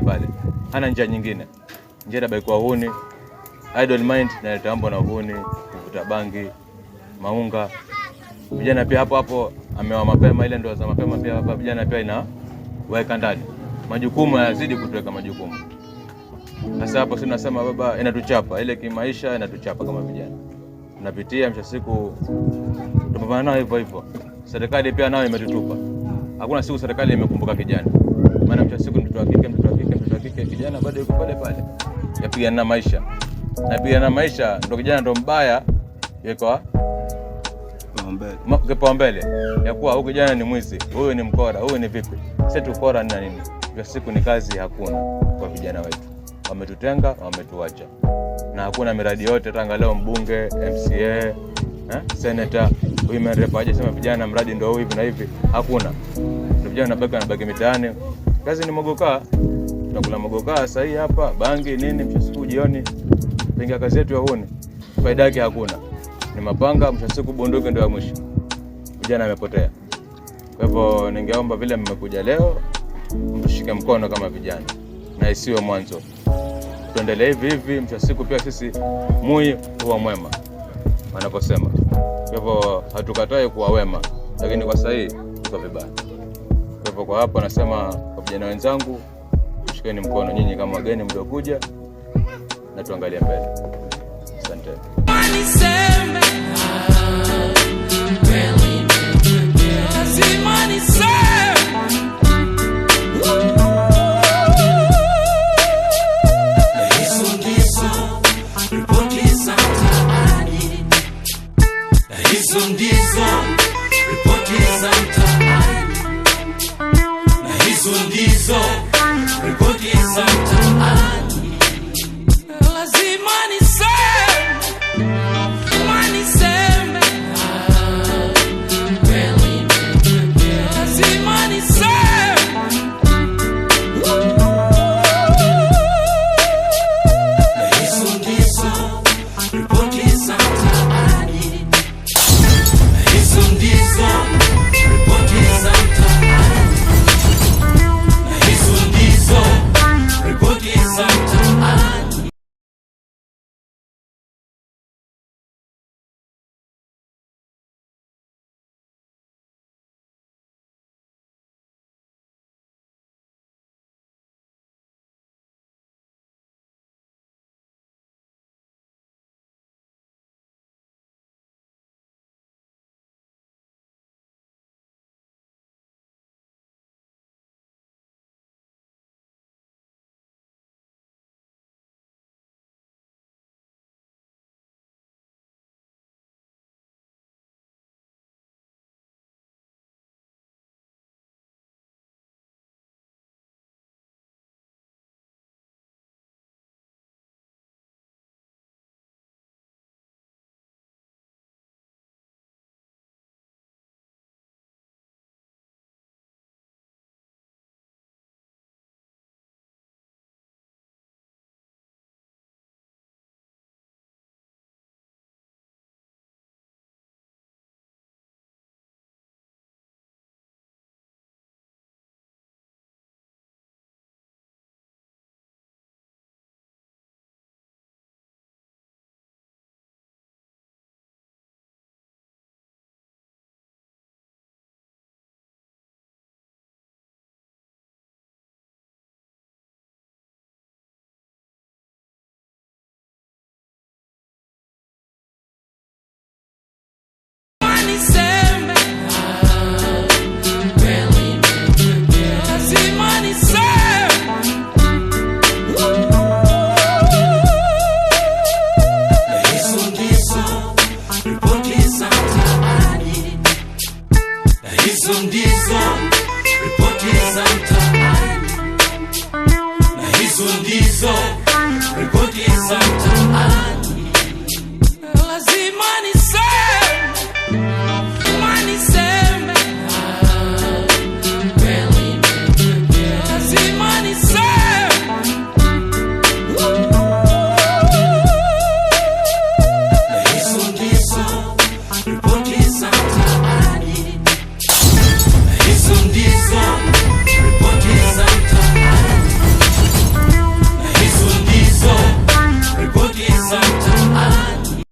pale pale, hana njia nyingine. Njia itabaki kwa uhuni, idle mind na itambo na huni, kuvuta bangi, maunga. Vijana pia hapo hapo amewa mapema, ile ndio za mapema pia hapa vijana pia ina weka ndani, majukumu yazidi kutuweka majukumu. Sasa hapo si nasema baba, inatuchapa ile kimaisha, inatuchapa kama vijana, tunapitia msha siku tupambana nayo hivyo hivyo. Serikali pia nayo imetutupa, hakuna siku serikali imekumbuka kijana maana mtu siku mtoto wa kike, mtoto wa kike, mtoto wa kike, kijana bado yuko pale pale, yapigana na maisha, napigana na maisha, ndo kijana ndo mbaya yuko kipaumbele ya kuwa huyu kijana ni mwizi, huyu ni mkora, huyu ni vipi. Sisi tukora na nini? Kwa siku ni kazi hakuna kwa vijana wetu, wametutenga wametuacha, na hakuna miradi yote tanga leo mbunge, MCA, eh, senator huyu mrepa aje sema vijana mradi ndio hivi na hivi, hakuna. Vijana wanabaki nabaki mitaani kazi ni mogokaa, tutakula mogokaa sahii hapa bangi nini, mwisho siku jioni pengia kazi yetu yaone faida yake hakuna, ni mapanga, mwisho siku bunduki ndio ya mwisho, vijana amepotea. Kwa hivyo ningeomba vile mmekuja leo, mtushike mkono kama vijana na isiwe mwanzo, tuendelee hivi hivi, mwisho siku pia sisi mui huwa mwema wanaposema. Kwa hivyo hatukatai kuwa wema, lakini kwa sahii tuko vibaya. Kwa hivyo kwa hapo nasema Vijana wenzangu, shikeni mkono nyinyi kama wageni mliokuja, na tuangalie mbele. Asante. Buddhism, true Buddhism.